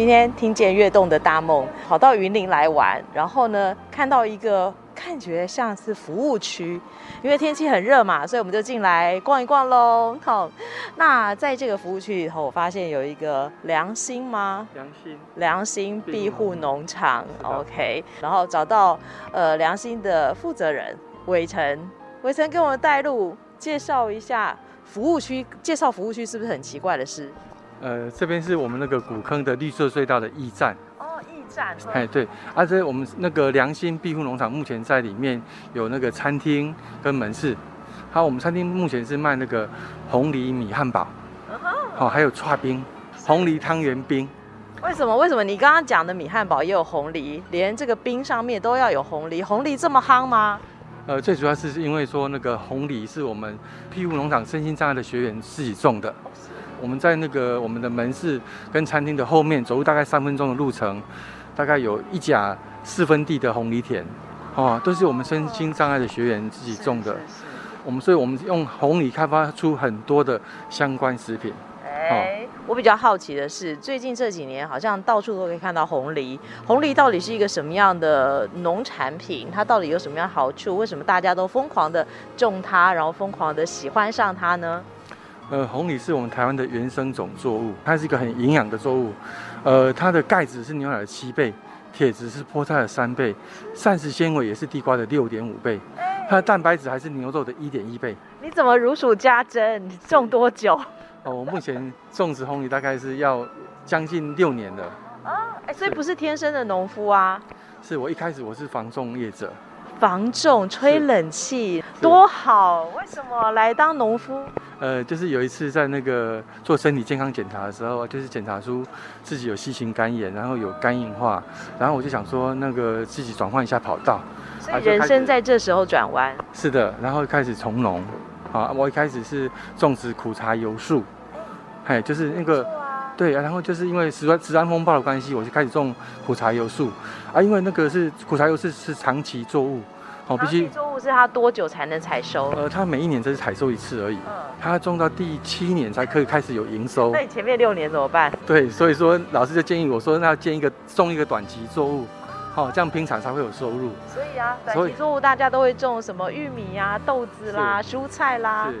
今天聽見躍動的大夢，跑到雲林來玩，然後呢，看到一個看起來像是服務區，因為天氣很熱嘛，所以我們就進來逛一逛嘍。好，那在這個服務區以後，哦，我發現有一個糧莘嗎？糧莘，糧莘庇護農場。OK，然後找到呃糧莘的負責人偉成，偉成給我們帶路，介紹一下服務區，介紹服務區是不是很奇怪的事？呃，這邊是我們那個古坑的綠色隧道的驛站。哦，驛站。哎、哦，對，啊，這我們那個糧莘庇護農場目前在裡面有那個餐廳跟門市。好，我們餐廳目前是賣那個紅藜米漢堡。哦。好、哦，還有剉冰，紅藜湯圓冰。為什麼？為什麼？你剛剛講的米漢堡也有紅藜，連這個冰上面都要有紅藜？紅藜這麼夯嗎？呃，最主要是因為說那個紅藜是我們庇護農場身心障礙的學員自己種的。哦我們在那個我們的門市跟餐廳的後面，走路大概三分鐘的路程，大概有一甲四分地的紅藜田，哦，都是我們身心障礙的學員自己種的。我們所以，我們用紅藜開發出很多的相關食品。哎，我比較好奇的是，最近這幾年好像到處都可以看到紅藜。紅藜到底是一個什麼樣的農產品？它到底有什麼樣好處？為什麼大家都瘋狂的種它，然後瘋狂的喜歡上它呢？呃，紅藜是我們台灣的原生種作物，它是一個很營養的作物。呃，它的鈣質是牛奶的七倍，鐵質是菠菜的三倍，膳食纖維也是地瓜的六點五倍，它的蛋白質還是牛肉的一點一倍。你怎麼如數家珍？你種多久？哦、呃，我目前種植紅藜大概是要將近六年了。啊，哎，所以不是天生的農夫啊。是，是我一開始我是房仲業者。防中吹冷氣多好，為什麼來當農夫？呃，就是有一次在那個做身體健康檢查的時候，就是檢查出自己有細型肝炎，然後有肝硬化，然後我就想說那個自己轉換一下跑道。啊，所以人生在這時候轉彎。是的，然後開始從農。啊，我一開始是種植苦茶油樹。哎，嗯，就是那個。嗯對，然後就是因為食安食安風暴的關係，我就開始種苦茶油樹。啊，因為那個是苦茶油是是長期作物，哦，必須。作物是它多久才能採收？呃，它每一年只是採收一次而已。嗯。它種到第七年才可以開始有營收。 那你前面六年怎麼辦？對，所以說老師就建議我說，那要建一個種一個短期作物，好、哦，這樣平常才會有收入。所以啊，短期作物大家都會種什麼玉米啊、豆子啦、蔬菜啦。是。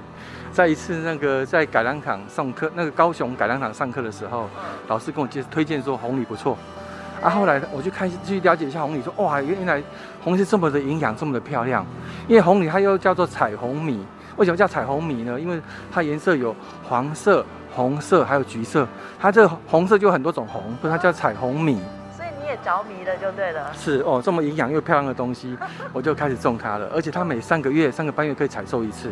在一次那個在改良場上課，那個高雄改良場上課的時候，嗯、老師跟我介推薦說紅藜不錯，啊，後來我就開始去了解一下紅藜，說哇，原來紅是這麼的營養，這麼的漂亮。因為紅藜它又叫做彩虹米，為什麼叫彩虹米呢？因為它顏色有黃色、紅色還有橘色，它這個紅色就有很多種紅，所以它叫彩虹米。所以你也着迷了，就對了。是哦，這麼營養又漂亮的東西，我就開始種它了，而且它每三個月、三個半月可以採收一次。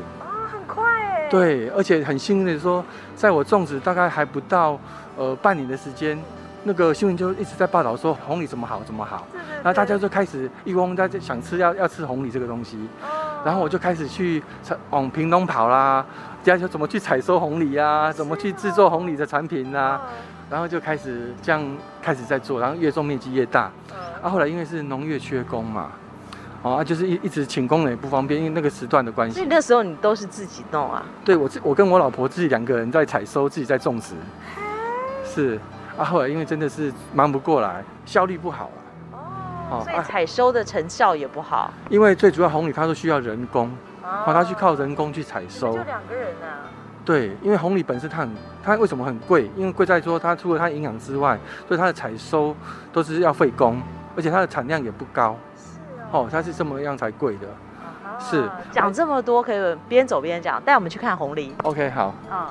對，而且很幸運的說，在我種植大概還不到，呃，半年的時間，那個新聞就一直在報道說紅藜怎麼好怎麼好，對對對，然後大家就開始一窩蜂在想吃要要吃紅藜這個東西，哦，然後我就開始去往屏東跑啦，家就怎麼去採收紅藜呀，啊，怎麼去制作紅藜的產品啊，哦。然後就開始這樣開始在做，然後越種面積越大，哦，啊，後來因為是農業缺工嘛。啊、哦，就是一一直請工人也不方便，因為那個時段的關係。所以那時候你都是自己弄啊？對，我我跟我老婆自己兩個人在採收，自己在種植。是啊，後來因為真的是忙不過來，效率不好、啊哦。哦，所以採收的成效也不好。啊、因為最主要紅藜它都需要人工，哦，它去靠人工去採收。就兩個人啊？對，因為紅藜本身它很，它為什麼很貴？因為貴在說它除了它營養之外，所以它的採收都是要費工，而且它的產量也不高。哦，它是怎麼樣才貴的，啊、是講這麼多，可以邊走邊講，帶我們去看紅藜。OK，好、嗯。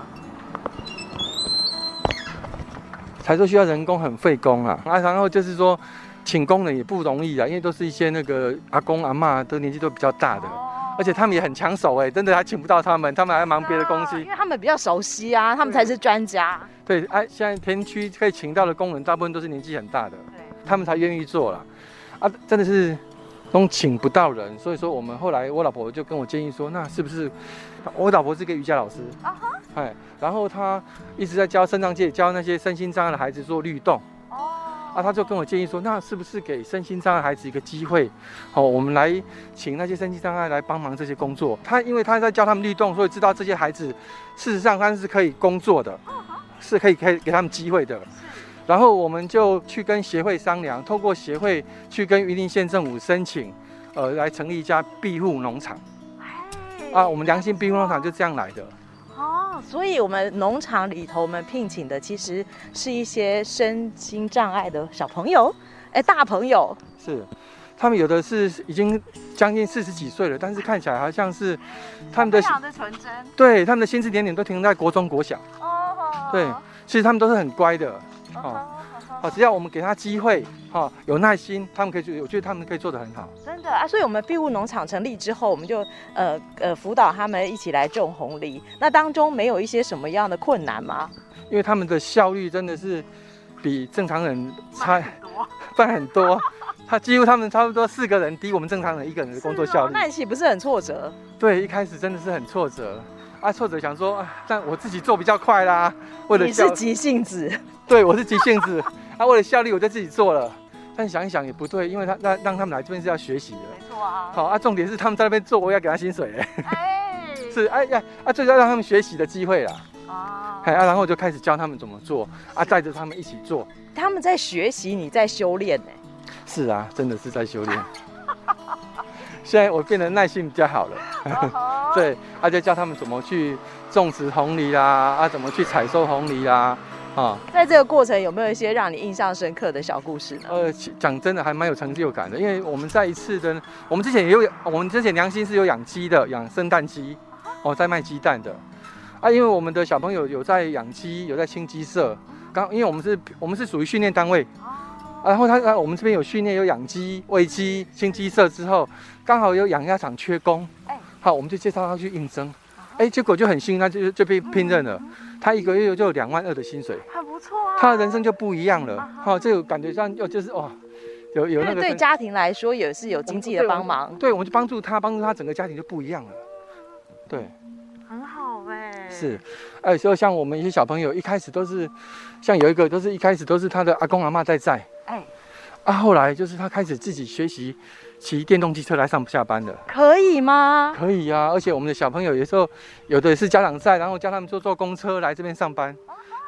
才說需要人工很費工啊，啊，然後就是說請工人也不容易啊，因為都是一些那個阿公阿嬤都年紀都比較大的、哦，而且他們也很搶手哎、欸，真的還請不到他們，他們還忙別的東西。因為他們比較熟悉啊，他們才是專家。對，哎、啊，現在田區可以請到的工人，大部分都是年紀很大的，對，他們才願意做啦，啊，真的是。都請不到人，所以說我們後來我老婆就跟我建議說，那是不是，我老婆是個瑜伽老師？啊哈，哎，然後他一直在教身障界，教那些身心障礙的孩子做律動。哦、uh -huh.，啊，他就跟我建議說，那是不是給身心障礙孩子一個機會？哦，我們來請那些身心障礙來幫忙這些工作。他因為他在教他們律動，所以知道這些孩子事實上他是可以工作的，uh -huh. 是可以可以給他們機會的。然後我們就去跟協會商量，透過協會去跟雲林縣政府申請，呃，來成立一家庇護農場。哎、啊，我們糧莘庇護農場就這樣來的。哦，所以我們農場裡頭，我們聘請的其實是一些身心障礙的小朋友，哎，大朋友。是，他們有的是已經將近四十幾歲了，但是看起來好像是他們的的純真，對，他們的心智年齡都停在國中國小。哦，對，其實他們都是很乖的。好好好，只要我們給他機會，哈，有耐心，他們可以做，我覺得他們可以做得很好。真的啊，所以我們庇護農場成立之後，我們就呃呃輔導他們一起來種紅藜。那當中沒有一些什麼樣的困難嗎？因為他們的效率真的是比正常人差，很多差很多。他 幾乎他們差不多四個人，低我們正常人一個人的工作效率。哦、那豈不是很挫折？對，一開始真的是很挫折，啊，挫折想說，但我自己做比較快啦。為了你是急性子。對，我是急性子 啊！為了效率，我就自己做了。但想一想也不對，因為他讓讓他們來這邊是要學習的，沒錯啊。好、哦、啊，重點是他們在那邊做，我要給他薪水哎。是哎呀，啊，這、啊、要讓他們學習的機會啦。哦、啊哎。啊，然後我就開始教他們怎麼做啊，帶着他們一起做。他們在學習，你在修煉呢。是啊，真的是在修煉。 現在我變得耐心比較好了。 對，啊，就教他們怎麼去種植紅藜啦、啊，啊，怎麼去採收紅藜啦、啊。啊、哦，在這個過程有沒有一些讓你印象深刻的小故事呢？呃，講真的還蠻有成就感的，因為我們在一次的，我們之前也有，我們之前糧莘是有養雞的，養生蛋雞，哦，在賣雞蛋的，啊，因為我們的小朋友有在養雞，有在清雞舍，剛，因為我們是，我們是屬於訓練單位，然後他，我們這邊有訓練，有養雞、餵雞、清雞舍之後，剛好有養鴨場缺工，哎、欸，好，我們就介紹他去應徵，哎、欸，結果就很幸運，他就就被聘任了。他一個月就有兩萬二的薪水，很不錯啊！他的人生就不一樣了，啊、哈、啊，就有感覺上哦，就是哦，有有那個對家庭來說也是有經濟的幫忙，嗯、對我，對我們就幫助他，幫助他整個家庭就不一樣了，對，很好哎、欸，是，哎、欸，所以像我們一些小朋友一開始都是，像有一個都是一開始都是他的阿公阿媽在在，哎、欸，啊，後來就是他開始自己學習。騎電動機車來上下班的，可以嗎？可以呀、啊，而且我們的小朋友有時候有的是家長在，然後教他們坐坐公車來這邊上班。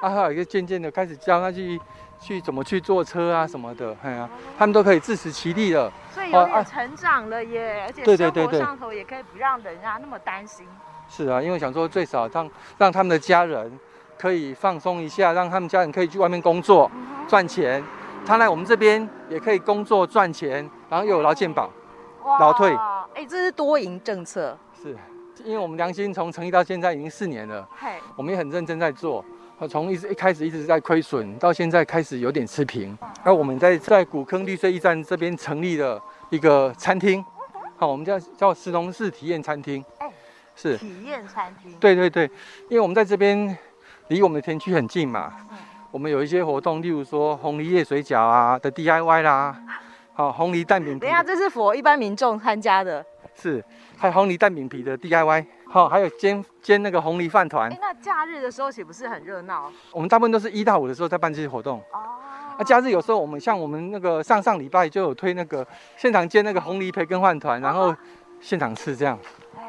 阿一個漸漸的開始教他去去怎麼去坐車啊什麼的，哎呀、啊，uh -huh. 他們都可以自食其力了，uh -huh. 啊、所以有點成長了耶。啊、而且上頭上頭也可以不讓人家那麼擔心對對對對。是啊，因為我想說最少讓讓他們的家人可以放鬆一下，讓他們家人可以去外面工作賺、uh -huh. 錢。他來我們這邊也可以工作賺錢，然後又有勞健保，勞退，哎、欸，這是多贏政策。是，因為我們糧莘從成立到現在已經四年了，我們也很認真在做。從一一開始一直在虧損，到現在開始有點持平。那、嗯嗯、我們在在古坑綠色驛站這邊成立了一個餐廳，好、嗯嗯哦，我們叫叫食農式體驗餐廳。哎、欸，是體驗餐廳。對對對，因為我們在這邊離我們的田區很近嘛。嗯嗯我們有一些活動，例如說紅藜葉水餃啊的 DIY 啦，好，紅藜蛋餅皮。等一下，這是符合一般民眾參加的。是，還有紅藜蛋餅皮的 DIY，好，還有煎煎那個紅藜飯糰。那假日的時候豈不是很熱鬧？我們大部分都是一到五的時候在辦這些活動。哦。啊，假日有時候我們像我們那個上上禮拜就有推那個現場煎那個紅藜培根飯糰，哦、然後現場吃這樣。哦、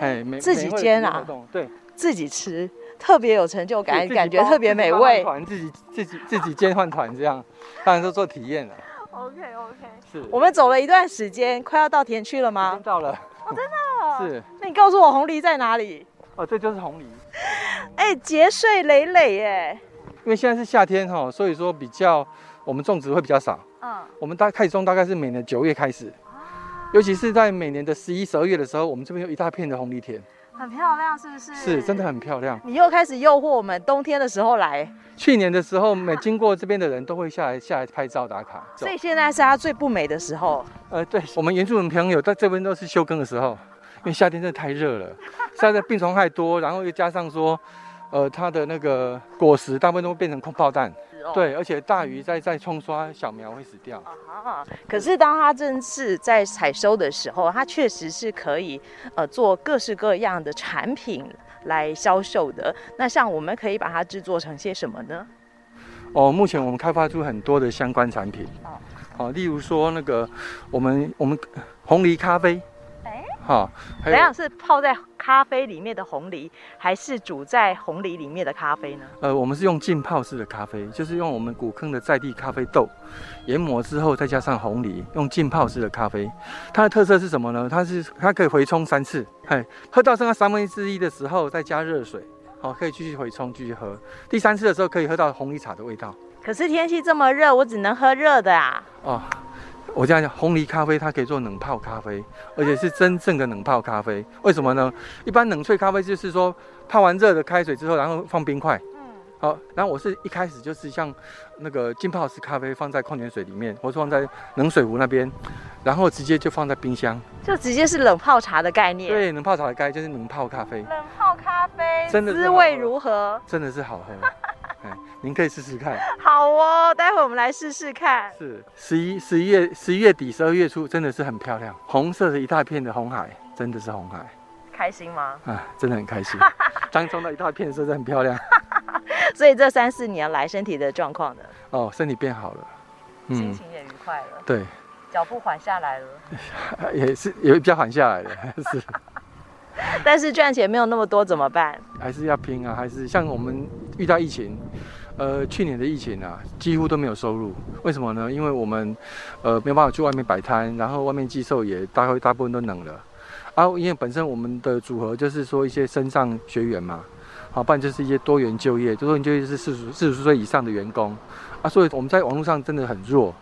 哎，自己煎啊，對，自己吃。特別有成就感，感覺特別美味。團自己換換團自己自己建飯團這樣，當然都做體驗了。 OK OK，是我們走了一段時間，快要到田區了嗎？到了。哦、oh,，真的。是。那你告訴我紅藜在哪裡？哦，這就是紅藜。哎、嗯，欸，結穗累累哎。因為現在是夏天哈，所以說比較我們種植會比較少。嗯。我們大概開始種大概是每年九月開始、啊。尤其是在每年的十一、十二月的時候，我們這邊有一大片的紅藜田。很漂亮是不是？是，真的很漂亮。你又開始誘惑我們冬天的時候來。去年的時候，每經過這邊的人都會下來下來拍照打卡。所以現在是它最不美的時候。嗯、呃，對我們原住民朋友在這邊都是休耕的時候，因為夏天真的太熱了，現在病蟲害多，然後又加上說，呃，它的那個果實大部分都會變成空包彈。對，而且大雨在在沖刷，小苗會死掉啊、嗯。可是當它正式在採收的時候，它確實是可以呃做各式各樣的產品來銷售的。那像我們可以把它製作成些什麼呢？哦，目前我們開發出很多的相關產品，哦，哦例如說那個我們我們紅藜咖啡。好、哦，怎樣是泡在咖啡裡面的紅藜，還是煮在紅藜裡面的咖啡呢？呃，我們是用浸泡式的咖啡，就是用我們古坑的在地咖啡豆，研磨之後再加上紅藜，用浸泡式的咖啡。它的特色是什麼呢？它是它可以回沖三次。嘿，喝到剩下三分之一的時候再加熱水，好、哦，可以繼續回沖，繼續喝。第三次的時候可以喝到紅藜茶的味道。可是天氣這麼熱，我只能喝熱的啊。哦。我這樣講，紅藜咖啡它可以做冷泡咖啡，而且是真正的冷泡咖啡。為什麼呢？一般冷萃咖啡就是說泡完熱的開水之後，然後放冰塊。嗯。好，然後我是一開始就是像那個浸泡式咖啡，放在礦泉水裡面，或是放在冷水壺那邊，然後直接就放在冰箱，就直接是冷泡茶的概念。對，冷泡茶的概念就是冷泡咖啡。冷泡咖啡真的滋味如何？真的是好喝。 您可以試試看。好哦，待會兒我們來試試看。是十一十一月十一月底十二月初，真的是很漂亮，紅色的一大片的紅海，真的是紅海。開心嗎？啊，真的很開心， 當中的一大片的真的很漂亮。 所以這三四年來身體的狀況呢？哦，身體變好了，嗯，心情也愉快了。對，腳步緩下來了。也是，也比較緩下來了，是。 但是賺錢沒有那麼多，怎麼辦？還是要拼啊，還是像我們遇到疫情。呃，去年的疫情啊，幾乎都沒有收入。為什麼呢？因為我們，呃，沒有辦法去外面擺攤，然後外面寄售，也大概大部分都冷了。啊，因為本身我們的組合就是說一些身障學員嘛，好，不然就是一些多元就業，多元就業就是四十、四十歲以上的員工啊，所以我們在網絡上真的很弱，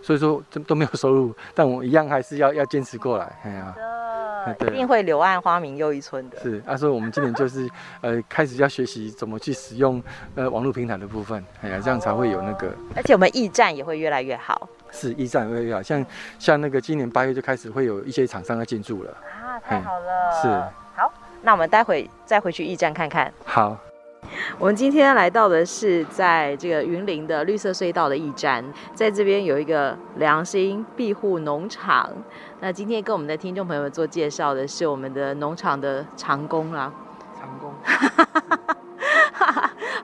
所以說都沒有收入。但我們一樣還是要要堅持過來，哎呀、啊。一定會柳暗花明又一村的。是，啊，所以我們今年就是，呃，開始要學習怎麼去使用，呃，網絡平台的部分。哎呀，這樣才會有那個。哦、 而且我們驛站也會越來越好。是，驛站越來越好，像像那個今年八月就開始會有一些廠商要進駐了。啊、嗯，太好了。是。好，那我們待會再回去驛站看看。好。我們今天來到的是在這個雲林的綠色隧道的驛站，在這邊有一個糧莘庇護農場。那今天跟我們的聽眾朋友們做介紹的是我們的農場的長工啦。長工。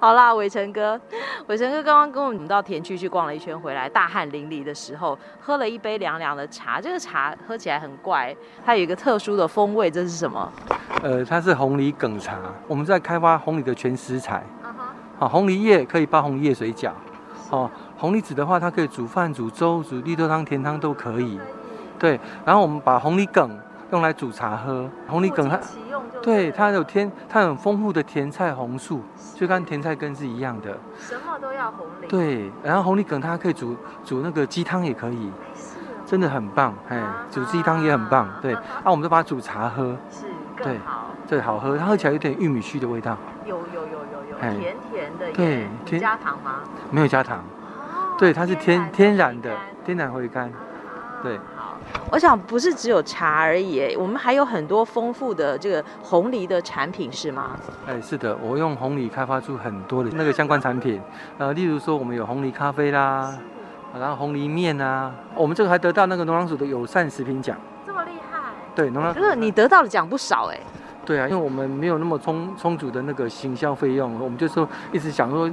好啦，偉成哥，偉成哥剛剛跟我們到田區去逛了一圈，回來大汗淋漓的時候，喝了一杯涼涼的茶。這個茶喝起來很怪，它有一個特殊的風味，這是什麼？呃，它是紅藜梗茶。我們在開發紅藜的全食材。啊哈。好，紅藜葉可以包紅藜葉水餃。好、啊，紅藜籽的話，它可以煮飯、煮粥、煮綠豆湯、甜湯都可以對。對。然後我們把紅藜梗用來煮茶喝。紅藜梗它。對，它有天，它有很豐富的甜菜紅素，就跟甜菜根是一樣的。什麼都要紅藜。對，然後紅藜梗，它可以煮煮那個雞湯也可以，真的很棒，哎、啊，煮雞湯也很棒，對，啊對啊。啊，我們都把它煮茶喝，是更好，對，對，好喝，它喝起來有點玉米鬚的味道，有有有有有，甜甜的，對，加糖嗎？沒有加糖，哦、對，它是天天然的，天然回甘、啊。好，對。我想不是只有茶而已，哎，我們還有很多豐富的這個紅藜的產品，是嗎？哎，是的，我用紅藜開發出很多的那個相關產品，呃，例如說，我們有紅藜咖啡啦，然後紅藜麵啊，我們這個還得到那個農糧署的友善食品獎，這麼厲害？對，農糧署？可是你得到的獎不少哎。對啊，因為我們沒有那麼充充足的那個行銷費用，我們就說一直想說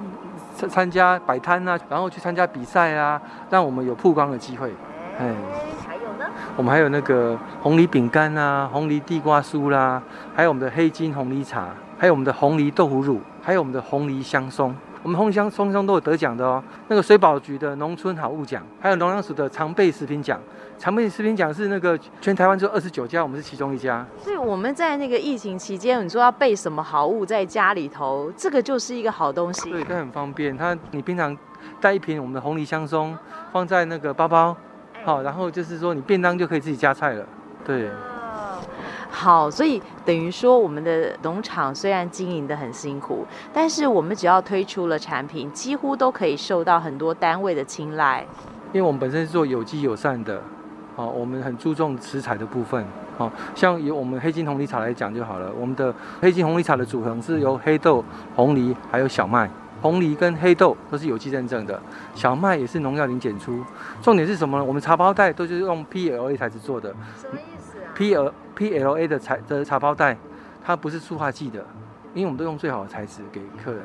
參參加擺攤啊，然後去參加比賽啊，讓我們有曝光的機會，哎、欸。我們還有那個紅藜餅乾啊，紅藜地瓜酥啦，啊，還有我們的黑金紅藜茶，還有我們的紅藜豆腐乳，還有我們的紅藜香鬆。我們紅藜香鬆中都有得獎的哦，那個水保局的農村好物獎，還有農糧署的常備食品獎。常備食品獎是那個全台灣只有二十九家，我們是其中一家。所以我們在那個疫情期間，你說要備什麼好物在家裡頭，這個就是一個好東西。對，它很方便。它你平常帶一瓶我們的紅藜香鬆，放在那個包包，好，然後就是說你便當就可以自己加菜了。對，好，所以等於說我們的農場雖然經營得很辛苦，但是我們只要推出了產品，幾乎都可以受到很多單位的青睞。因為我們本身是做有機友善的，好，我們很注重食材的部分，好，像以我們黑金紅藜茶來講就好了。我們的黑金紅藜茶的組合是由黑豆、紅藜還有小麥。紅藜跟黑豆都是有機認證的，小麥也是農藥零檢出。重點是什麼呢？我們茶包袋都是用 PLA 材質做的，什麼意思啊？PL PLA 的材的茶包袋，它不是塑化劑的，因為我們都用最好的材質給客人。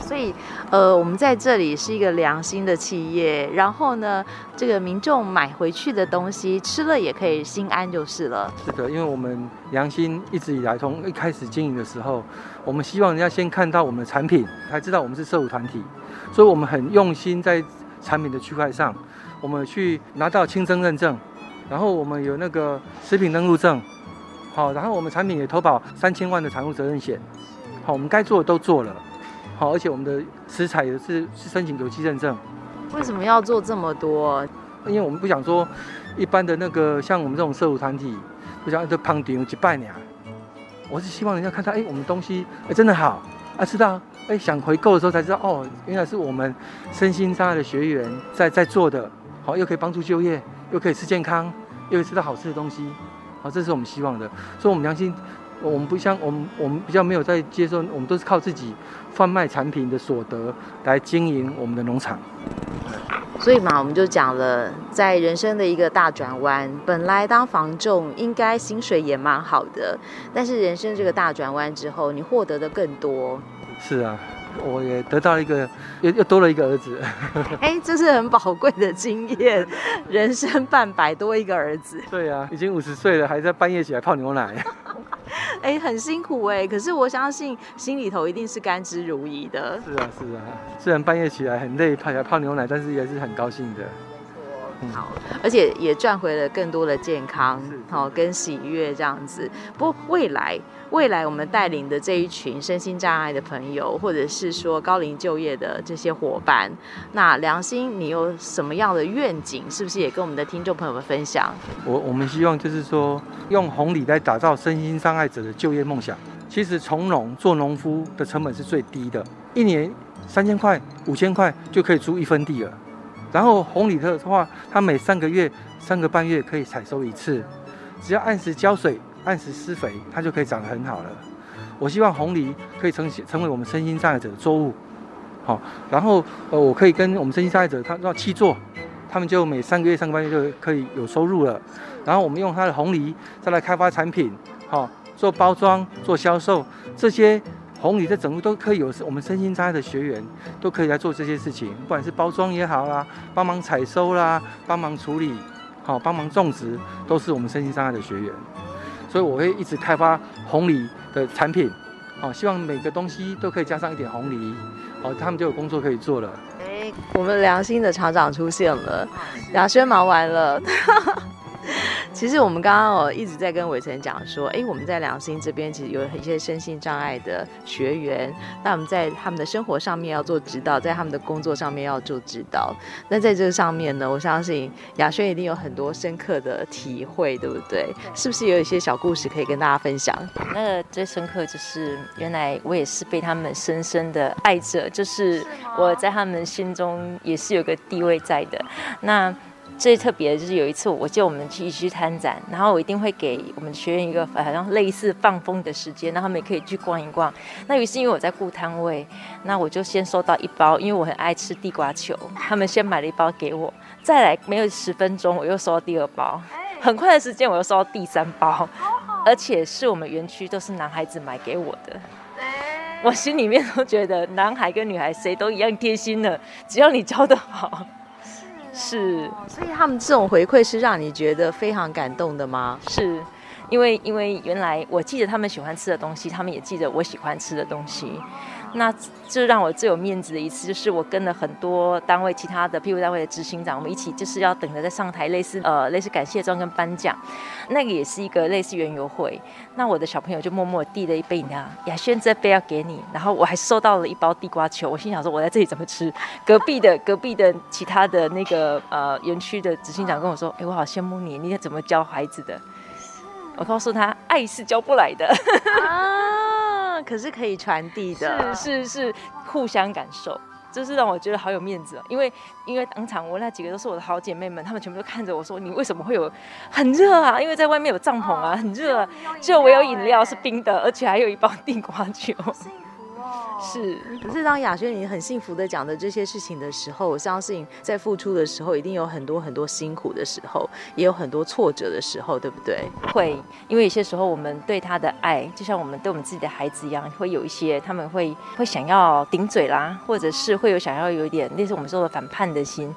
所以呃，我們在這裡是一個良心的企業，然後呢，這個民眾買回去的東西吃了也可以心安就是了。是的，因為我們良心一直以來從一開始經營的時候。我們希望人家先看到我們的產品，才知道我們是社福團體，所以我們很用心在產品的區塊上，我們去拿到清真認證，然後我們有那個食品登錄證，好，然後我們產品也投保三千萬的產物責任險，好，我們該做的都做了，好，而且我們的食材也是申請有機認證。為什麼要做這麼多啊？因為我們不想說一般的那個像我們這種社福團體，不想說就捧頂幾百年。我是希望人家看到，哎，我們東西哎真的好啊，吃到，哎，想回購的時候才知道，哦，原來是我們身心障礙的學員在在做的。好、哦、又可以幫助就業，又可以吃健康，又可以吃到好吃的東西，好、哦、這是我們希望的，所以我們糧莘，我們不像我們我們比較沒有在接受，我們都是靠自己販賣產品的所得來經營我們的農場。所以嘛，我們就講了，在人生的一個大轉彎，本來當房仲應該薪水也蠻好的，但是人生這個大轉彎之後，你獲得的更多。是啊，我也得到了一個，又又多了一個兒子。哎、 欸，這是很寶貴的經驗，人生半百多一個兒子。對啊，已經五十歲了，還在半夜起來泡牛奶。 哎、欸，很辛苦哎、欸，可是我相信心裡頭一定是甘之如飴的。是啊，是啊，雖然半夜起來很累，起來泡牛奶，但是也是很高興的。沒錯、嗯，好，而且也賺回了更多的健康，好、哦、跟喜悅這樣子。不過未來。未來我們帶領的這一群身心障礙的朋友，或者是說高齡就業的這些夥伴，那糧莘，你有什麼樣的願景？是不是也跟我們的聽眾朋友們分享？我我們希望就是說，用紅藜來打造身心障礙者的就業夢想。其實從農做農夫的成本是最低的，一年三千塊、五千塊就可以租一分地了。然後紅藜特的話，它每三個月、三個半月可以採收一次，只要按時澆水，按時施肥，它就可以長得很好了。我希望紅藜可以成成為我們身心障礙者的作物，好、哦，然後呃，我可以跟我們身心障礙者，他要去做，他們就每三個月、三個半月就可以有收入了。然後我們用他的紅藜再來開發產品，好、哦，做包裝、做銷售，這些紅藜在整個都可以有我們身心障礙的學員都可以來做這些事情，不管是包裝也好啦、啊，幫忙採收啦、啊，幫忙處理，好、哦，幫忙種植，都是我們身心障礙的學員。所以我會一直開發紅藜的產品，哦，希望每個東西都可以加上一點紅藜，哦，他們就有工作可以做了。哎，我們糧莘的廠長出現了，亞軒忙完了。 其實我們剛剛我、哦、一直在跟偉成講說，哎，我們在糧莘這邊其實有一些身心障礙的學員，那我們在他們的生活上面要做指導，在他們的工作上面要做指導。那在這個上面呢，我相信亞軒一定有很多深刻的體會，對不對，對？是不是有一些小故事可以跟大家分享？那個最深刻就是，原來我也是被他們深深的愛着，就是我在他們心中也是有個地位在的。那。最特別的就是有一次，我叫我們一起去參展，然後我一定會給我們學員一個，好像類似放風的時間，讓他們也可以去逛一逛。那於是因為我在顧攤位，那我就先收到一包，因為我很愛吃地瓜球，他們先買了一包給我，再來沒有十分鐘，我又收到第二包，很快的時間我又收到第三包，而且是我們園區都是男孩子買給我的，我心裡面都覺得男孩跟女孩誰都一樣貼心的，只要你教得好。是，所以他們這種回饋是讓你覺得非常感動的嗎？是，因為因為原來我記得他們喜歡吃的東西，他們也記得我喜歡吃的東西。那這讓我最有面子的一次，就是我跟了很多單位，其他的庇護單位的執行長，我們一起就是要等着在上台，類似呃，類似感謝狀跟頒獎，那個也是一個類似園遊會。那我的小朋友就默默地遞了一杯呢，料，啊，雅軒這杯要給你。然後我還收到了一包地瓜球，我心想說，我在這裡怎麼吃？隔壁的隔壁的其他的那個呃園區的執行長跟我說，哎，我好羨慕你，你得怎麼教孩子的？我告訴他，愛是教不來的。 可是可以傳遞的，是是是，互相感受，就是讓我覺得好有面子、啊、因為因為當場我那幾個都是我的好姐妹們，她們全部都看着我說：“你為什麼會有很熱啊？因為在外面有帳篷啊，很熱、啊。啊”就唯有飲料、欸、只有我有飲料是冰的，而且還有一包地瓜球。 是，可是當雅軒你很幸福地講的這些事情的時候，我相信在付出的時候，一定有很多很多辛苦的時候，也有很多挫折的時候，對不對？會，因為有些時候我們對他的愛，就像我們對我們自己的孩子一樣，會有一些他們會會想要頂嘴啦，或者是會有想要有一點，類似我們說的反叛的心，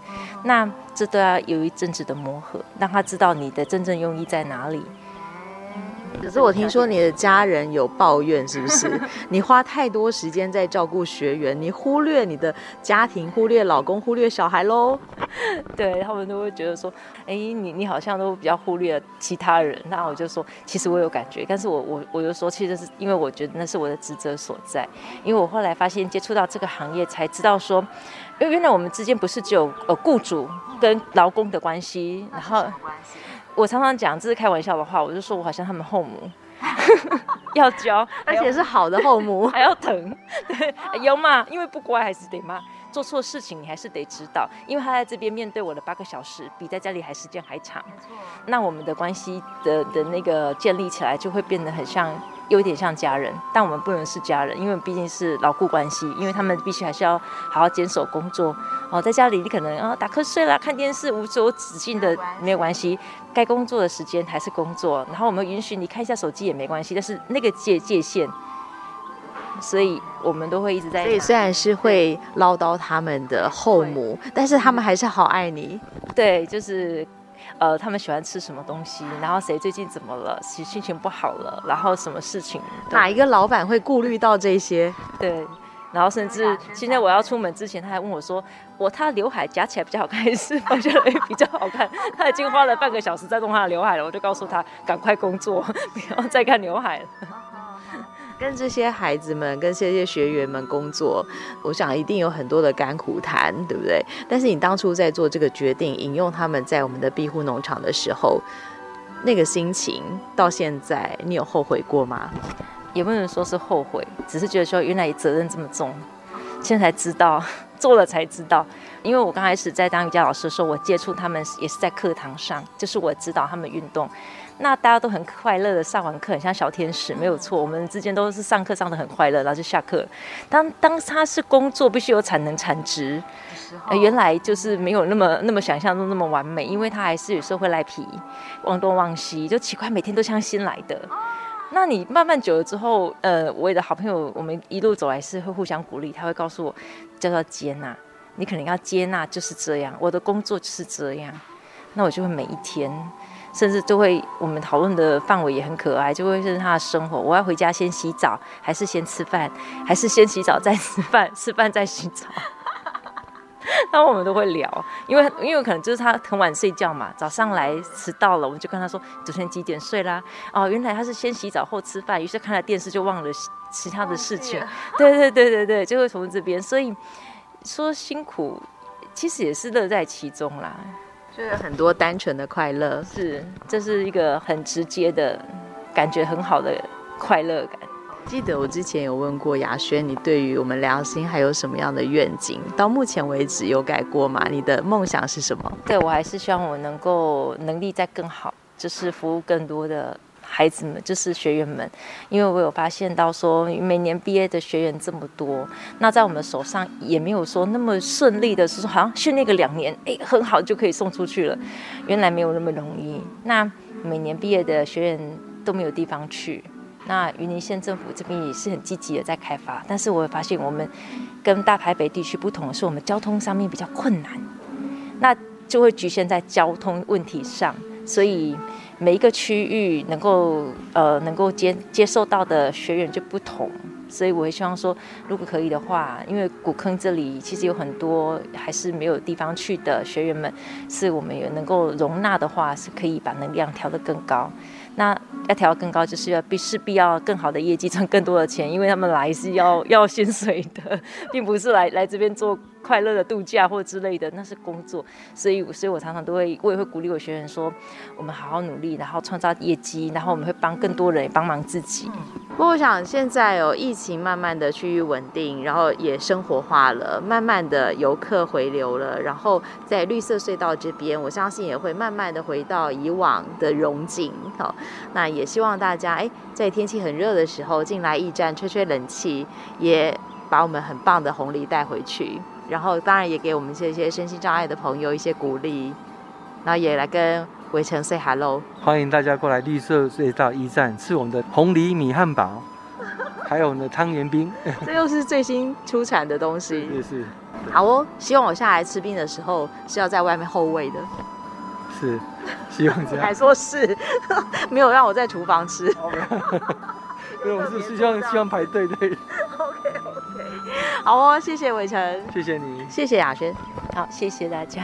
那這都要有一陣子的磨合，讓他知道你的真正用意在哪裡。可是我聽說你的家人有抱怨，是不是？ 你花太多時間在照顧學員，你忽略你的家庭，忽略老公，忽略小孩嘍？ 對，他們都會覺得說，哎、欸，你你好像都比較忽略了其他人。那我就說，其實我有感覺，但是我我我就說，其實是因為我覺得那是我的職責所在，因為我後來發現接觸到這個行業才知道說，因為、呃、原來我們之間不是只有呃雇主跟勞工的關係，然後。我常常講這是開玩笑的話，我就說我好像他們後母， 要教，而且是好的後母， 還要疼，要罵，因為不乖還是得罵，做錯事情你還是得知道。因為他在這邊面對我的八個小時，比在家裡還時間還長，那我們的關係的的那個建立起來，就會變得很像。有點像家人，但我們不能是家人，因為畢竟是牢固關係。因為他們必須還是要好好堅守工作哦，在家裡你可能啊打瞌睡啦、看電視無所止境的沒有關係，該工作的時間還是工作。然後我們允許你看一下手機也沒關係，但是那個界界限。所以我們都會一直在。所以雖然是會嘮叨他們的後母，但是他們還是好愛你。嗯、對，就是。呃，他們喜歡吃什麼東西？然後誰最近怎麼了？心情不好了？然後什麼事情？哪一個老闆會顧慮到這些？對，然後甚至現在我要出門之前，他還問我說：“我他劉海夾起來比較好看，還是放下來比較好看？” 他已經花了半個小時在弄他的劉海了，我就告訴他趕快工作，不要再看劉海了。跟這些孩子們，跟這些學員們工作，我想一定有很多的甘苦談，對不對？但是你當初在做這個決定，引用他們在我們的庇護農場的時候，那個心情，到現在你有後悔過嗎？也不能說是後悔，只是覺得說原來責任這麼重，現在才知道。做了才知道，因為我剛開始在當瑜伽老師的時候，我接觸他們也是在課堂上，就是我指導他們運動。那大家都很快樂的上完課，很像小天使，沒有錯。我們之間都是上課上得很快樂，然後就下課。當當他是工作，必須有產能產值，呃，原來就是沒有那麼那麼想象中那麼完美，因為他還是有時候會賴皮，忘東忘西，就奇怪，每天都像新來的。那你慢慢久了之後，呃，我的好朋友，我們一路走來是會互相鼓勵。他會告訴我，叫做接納，你可能要接納就是這樣。我的工作就是這樣，那我就會每一天，甚至就會我們討論的範圍也很可愛，就會是他的生活。我要回家先洗澡，還是先吃飯，還是先洗澡再吃飯，吃飯再洗澡。那我們都會聊，因為因為可能就是他很晚睡覺嘛，早上來遲到了。我們就跟他說，昨天幾點睡啦？哦，原來他是先洗澡後吃飯，於是看了電視就忘了其他的事情。對對對對對，就會從這邊，所以說辛苦，其實也是樂在其中啦，就是很多單純的快樂，是這是一個很直接的感覺，很好的快樂感。記得我之前有問過雅軒，你對於我們糧莘還有什麼樣的願景？到目前為止有改過嗎？你的夢想是什麼？對，我還是希望我能夠能力再更好，就是服務更多的孩子們，就是學員們。因為我有發現到說，每年畢業的學員這麼多，那在我們手上也沒有說那麼順利的是，是說好像訓練個兩年，哎，很好就可以送出去了。原來沒有那麼容易。那每年畢業的學員都沒有地方去。那雲林縣政府這邊也是很積極的在開發，但是我會發現我們跟大台北地區不同的是，所以我們交通上面比較困難，那就會侷限在交通問題上，所以每一個區域能夠呃能夠接接受到的學員就不同，所以我也希望說，如果可以的話，因為古坑這裡其實有很多還是沒有地方去的學員們，是我們也能夠容納的話，是可以把能量調得更高。那要調更高，就是要必勢必要更好的業績，賺更多的錢，因為他們來是要要薪水的，並不是來來這邊做。快樂的度假或之類的，那是工作，所以所以我常常都會，我也會鼓勵我學員說，我們好好努力，然後創造業績，然後我們會幫更多人，幫忙自己。不、嗯、過我想現在有疫情慢慢的趨於穩定，然後也生活化了，慢慢的遊客回流了，然後在綠色隧道這邊，我相信也會慢慢的回到以往的榮景。好、哦，那也希望大家哎，在天氣很熱的時候進來驛站吹吹冷氣，也把我們很棒的紅藜帶回去。然後當然也給我們這些，些身心障礙的朋友一些鼓勵，然後也來跟圍城 say hello。歡迎大家過來綠色隧道驛站吃我們的紅藜米漢堡，還有我們的湯圓冰。這又是最新出產的東西。也是。好哦，希望我下來吃冰的時候是要在外面候位的。是，希望這樣。還說是沒有讓我在廚房吃。哦、沒，有沒，有沒，有 沒有，我是希望希望排隊對。OK。好哦，謝謝偉成，謝謝你，謝謝雅軒，好，謝謝大家。